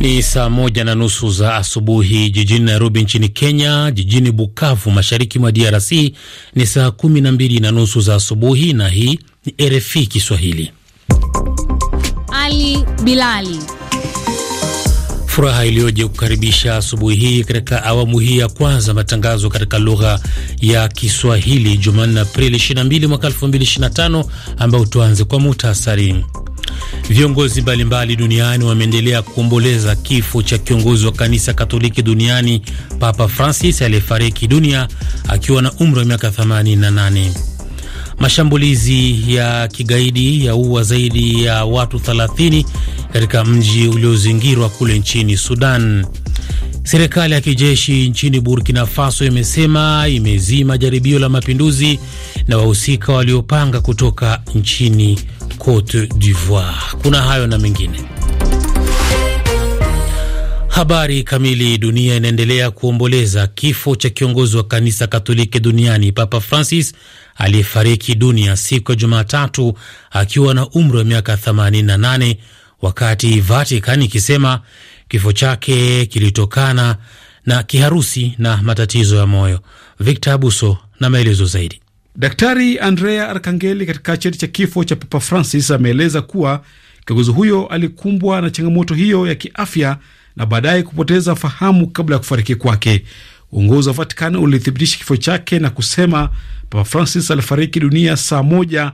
Ni saa moja na nusu za asubuhi jijini Nairobi nchini Kenya. Jijini Bukavu mashariki mwa DRC ni saa kumi na mbili na nusu za asubuhi, na hii ni RFI Kiswahili. Ali Bilali, furaha iliyoje kukaribisha asubuhi hii katika awamu hii ya kwanza matangazo katika lugha ya Kiswahili Jumanne Aprili 22 mwaka 2025, ambayo tuanze kwa muhtasari Viongozi mbalimbali duniani wameendelea kuomboleza kifo cha kiongozi wa kanisa Katoliki duniani Papa Francis aliyefariki dunia akiwa na umri wa miaka 88. Mashambulizi ya kigaidi yaua zaidi ya watu 30 katika mji uliozingirwa kule nchini Sudan. Serikali ya kijeshi nchini Burkina Faso imesema imezima jaribio la mapinduzi na wahusika waliopanga kutoka nchini Cote d'Ivoire. Kuna hayo na mengine. Habari kamili. Dunia inaendelea kuomboleza kifo cha kiongozi wa kanisa Katoliki duniani Papa Francis aliyefariki dunia siku ya Jumatatu akiwa na umri wa miaka 88, wakati Vatican ikisema kifo chake kilitokana na kiharusi na matatizo ya moyo. Victor Abuso na maelezo zaidi. Daktari Andrea Arkangeli katika cheti cha kifo cha Papa Francis ameeleza kuwa kiongozi huyo alikumbwa na changamoto hiyo ya kiafya na baadaye kupoteza fahamu kabla ya kufariki kwake. Uongozi wa Vatican ulithibitisha kifo chake na kusema Papa Francis alifariki dunia saa moja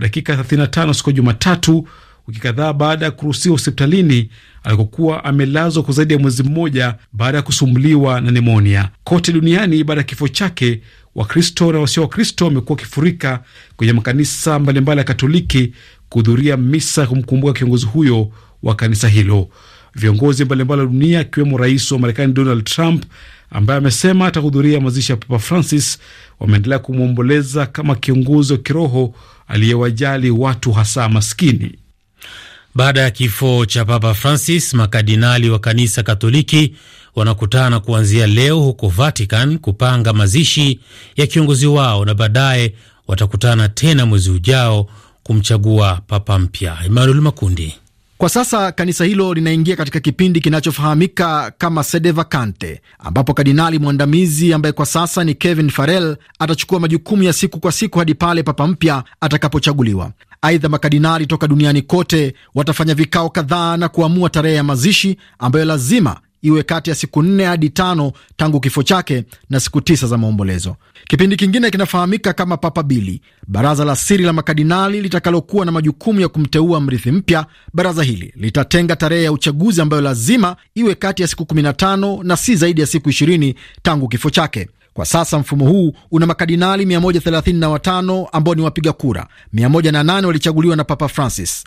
dakika 35 siku ya Jumatatu, wiki kadhaa baada ya kuruhusiwa hospitalini alikokuwa amelazwa kwa zaidi ya mwezi mmoja baada ya kusumbuliwa na nemonia. Kote duniani baada ya kifo chake Wakristo na wasio Wakristo wamekuwa wakifurika kwenye makanisa mbalimbali ya Katoliki kuhudhuria misa kumkumbuka kiongozi huyo wa kanisa hilo. Viongozi mbalimbali wa dunia akiwemo rais wa Marekani Donald Trump ambaye amesema atahudhuria mazishi ya Papa Francis wameendelea kumwomboleza kama kiongozi wa kiroho aliyewajali watu hasa maskini. Baada ya kifo cha Papa Francis, makardinali wa kanisa Katoliki wanakutana kuanzia leo huko Vatican kupanga mazishi ya kiongozi wao na baadaye watakutana tena mwezi ujao kumchagua papa mpya. Emmanuel Makundi. Kwa sasa kanisa hilo linaingia katika kipindi kinachofahamika kama sede vacante, ambapo kardinali mwandamizi ambaye kwa sasa ni Kevin Farrell atachukua majukumu ya siku kwa siku hadi pale papa mpya atakapochaguliwa. Aidha, makardinali toka duniani kote watafanya vikao kadhaa na kuamua tarehe ya mazishi ambayo lazima iwe kati ya siku nne hadi tano tangu kifo chake na siku tisa za maombolezo. Kipindi kingine kinafahamika kama papa bili baraza la siri la makadinali litakalokuwa na majukumu ya kumteua mrithi mpya. Baraza hili litatenga tarehe ya uchaguzi ambayo lazima iwe kati ya siku 15 na si zaidi ya siku 20 tangu kifo chake. Kwa sasa mfumo huu una makadinali 135 ambao ni wapiga kura, 108 walichaguliwa na Papa Francis.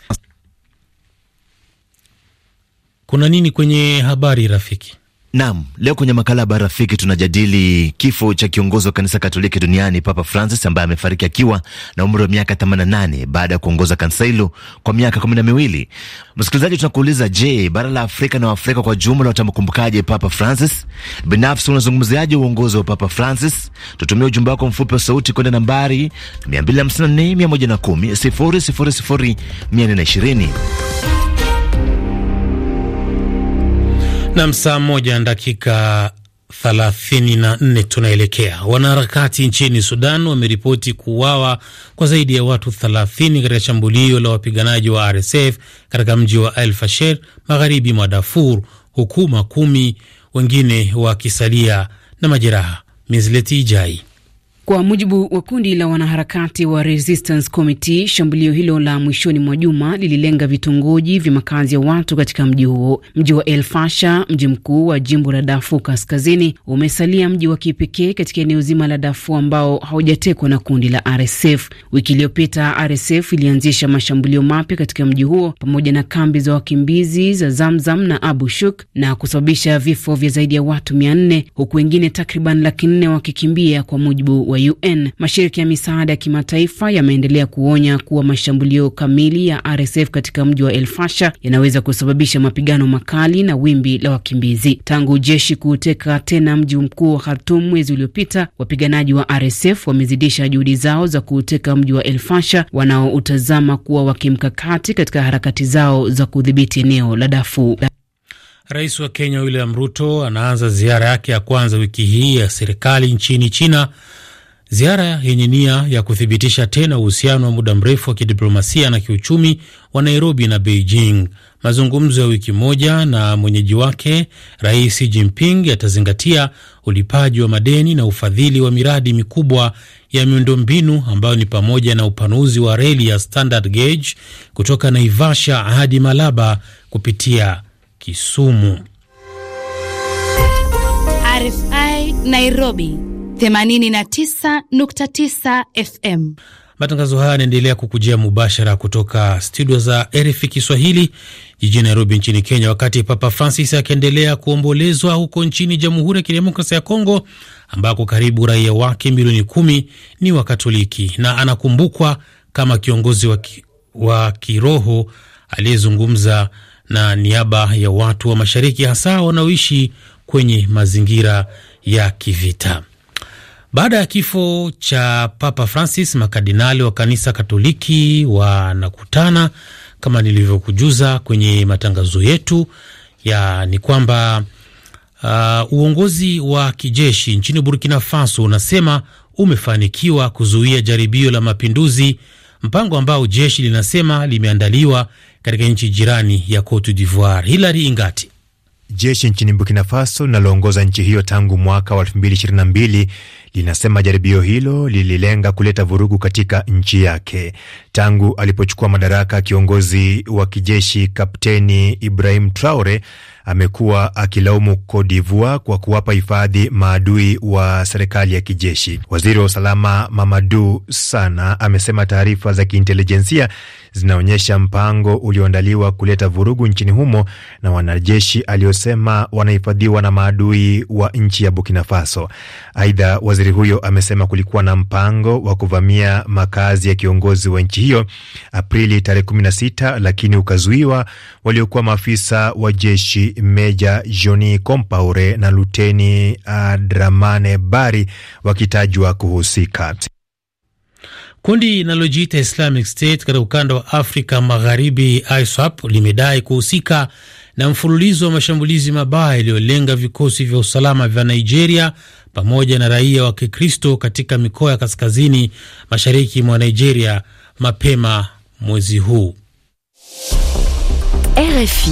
Kuna nini kwenye habari rafiki? Naam, leo kwenye makala ya rafiki tunajadili kifo cha kiongozi wa kanisa Katoliki duniani Papa Francis ambaye amefariki akiwa na umri wa miaka 88 baada ya kuongoza kanisa hilo kwa miaka kumi na miwili. Msikilizaji, tunakuuliza je, bara la Afrika na Waafrika kwa jumla watamkumbukaje Papa Francis? Binafsi unazungumziaje uongozi wa Papa Francis? Tutumie ujumbe wako mfupi wa sauti kwenda nambari 254 110 000 420. Nam, saa moja na dakika 34 tunaelekea. Wanaharakati nchini Sudan wameripoti kuuawa kwa zaidi ya watu 30 katika shambulio la wapiganaji wa RSF katika mji wa El Fasher, magharibi mwa Darfur, huku makumi wengine wakisalia na majeraha. Mizleti Ijai kwa mujibu wa kundi la wanaharakati wa Resistance Committee, shambulio hilo la mwishoni mwa juma lililenga vitongoji vya makazi ya watu katika mji huo. Mji wa El Fasha, mji mkuu wa jimbo la dafu Kaskazini, umesalia mji wa kipekee katika eneo zima la dafu ambao haujatekwa na kundi la RSF. Wiki iliyopita RSF ilianzisha mashambulio mapya katika mji huo pamoja na kambi za wakimbizi za Zamzam na Abu Shuk na kusababisha vifo vya zaidi ya watu mia nne huku wengine takriban laki nne wakikimbia kwa mujibu wa UN. Mashirika ya misaada ya kimataifa yameendelea kuonya kuwa mashambulio kamili ya RSF katika mji wa El Fasha yanaweza kusababisha mapigano makali na wimbi la wakimbizi. Tangu jeshi kuuteka tena mji mkuu wa Khartum mwezi uliopita, wapiganaji wa RSF wamezidisha juhudi zao za kuuteka mji wa El Fasha wanaoutazama kuwa wa kimkakati katika harakati zao za kudhibiti eneo la Darfur. Rais wa Kenya William Ruto anaanza ziara yake ya kwanza wiki hii ya serikali nchini China Ziara yenye nia ya kuthibitisha tena uhusiano wa muda mrefu wa kidiplomasia na kiuchumi wa Nairobi na Beijing. Mazungumzo ya wiki moja na mwenyeji wake Rais Xi Jinping yatazingatia ulipaji wa madeni na ufadhili wa miradi mikubwa ya miundombinu ambayo ni pamoja na upanuzi wa reli ya standard gauge kutoka Naivasha hadi Malaba kupitia Kisumu. RFI Nairobi 89.9 FM. Matangazo haya yanaendelea kukujia mubashara kutoka studio za RFI Kiswahili jijini Nairobi nchini Kenya. Wakati Papa Francis akiendelea kuombolezwa huko nchini Jamhuri ya Kidemokrasia ya Kongo, ambako karibu raia wake milioni kumi ni Wakatoliki, na anakumbukwa kama kiongozi wa, ki, wa kiroho aliyezungumza na niaba ya watu wa mashariki, hasa wanaoishi kwenye mazingira ya kivita. Baada ya kifo cha Papa Francis, makardinali wa kanisa Katoliki wanakutana kama nilivyokujuza kwenye matangazo yetu ya ni kwamba uh, uongozi wa kijeshi nchini Burkina Faso unasema umefanikiwa kuzuia jaribio la mapinduzi, mpango ambao jeshi linasema limeandaliwa katika nchi jirani ya Cote d'Ivoire. Hilary Ingati. Jeshi nchini Burkina Faso linaloongoza nchi hiyo tangu mwaka wa 2022 linasema jaribio hilo lililenga kuleta vurugu katika nchi yake. Tangu alipochukua madaraka, kiongozi wa kijeshi Kapteni Ibrahim Traore amekuwa akilaumu Cote d'Ivoire kwa kuwapa hifadhi maadui wa serikali ya kijeshi. Waziri wa usalama Mamadu Sana amesema taarifa za kiintelijensia zinaonyesha mpango ulioandaliwa kuleta vurugu nchini humo na wanajeshi aliosema wanahifadhiwa na maadui wa nchi ya Burkina Faso. Aidha, waziri Waziri huyo amesema kulikuwa na mpango wa kuvamia makazi ya kiongozi wa nchi hiyo Aprili tarehe 16 lakini ukazuiwa. Waliokuwa maafisa wa jeshi Meja Joni Compaore na Luteni Adramane Bari wakitajwa kuhusika. Kundi linalojiita Islamic State katika ukanda wa Afrika Magharibi, ISWAP, limedai kuhusika na mfululizo wa mashambulizi mabaya yaliyolenga vikosi vya usalama vya Nigeria pamoja na raia wa Kikristo katika mikoa ya kaskazini mashariki mwa Nigeria mapema mwezi huu. RFI.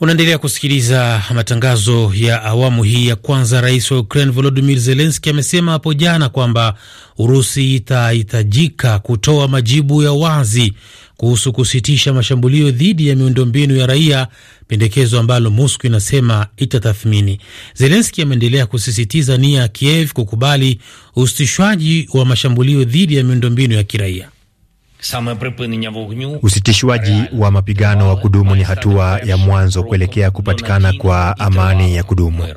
Unaendelea kusikiliza matangazo ya awamu hii ya kwanza. Rais wa Ukraine volodimir zelenski amesema hapo jana kwamba Urusi itahitajika kutoa majibu ya wazi kuhusu kusitisha mashambulio dhidi ya miundombinu ya raia, pendekezo ambalo Moscow inasema itatathmini. Zelenski ameendelea kusisitiza nia ya Kiev kukubali usitishwaji wa mashambulio dhidi ya miundombinu ya kiraia. Usitishwaji wa mapigano wa kudumu ni hatua ya mwanzo kuelekea kupatikana kwa amani ya kudumu.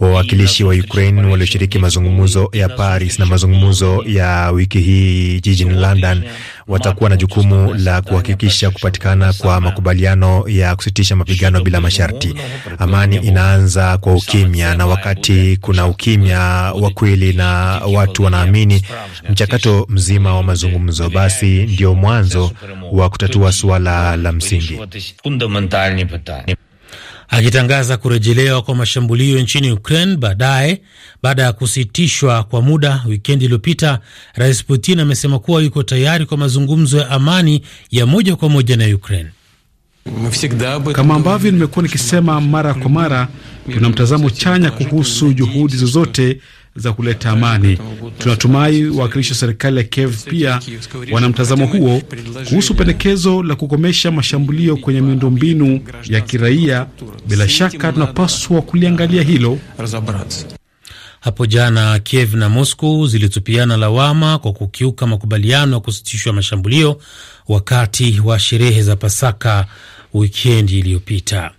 Wawakilishi wa Ukraine walioshiriki mazungumzo ya Paris na mazungumzo ya wiki hii jijini London watakuwa na jukumu la kuhakikisha kupatikana kwa makubaliano ya kusitisha mapigano bila masharti. Amani inaanza kwa ukimya, na wakati kuna ukimya wa kweli na watu wanaamini mchakato mzima wa mazungumzo, basi ndio mwanzo wa kutatua suala la msingi akitangaza kurejelewa kwa mashambulio nchini Ukraine baadaye baada ya kusitishwa kwa muda wikendi iliyopita. Rais Putin amesema kuwa yuko tayari kwa mazungumzo ya amani ya moja kwa moja na Ukraine. Kama ambavyo nimekuwa nikisema mara kwa mara, tuna mtazamo chanya kuhusu juhudi zozote za kuleta amani. Tunatumai wawakilishi wa serikali ya Kiev pia wana mtazamo huo kuhusu pendekezo la kukomesha mashambulio kwenye miundombinu ya kiraia. Bila shaka tunapaswa kuliangalia hilo. Hapo jana Kiev na Moscow zilitupiana lawama kwa kukiuka makubaliano ya kusitishwa mashambulio wakati wa sherehe za Pasaka wikendi iliyopita.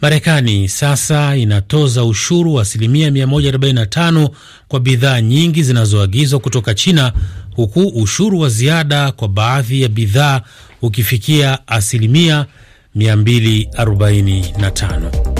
Marekani sasa inatoza ushuru wa asilimia 145 kwa bidhaa nyingi zinazoagizwa kutoka China, huku ushuru wa ziada kwa baadhi ya bidhaa ukifikia asilimia 245.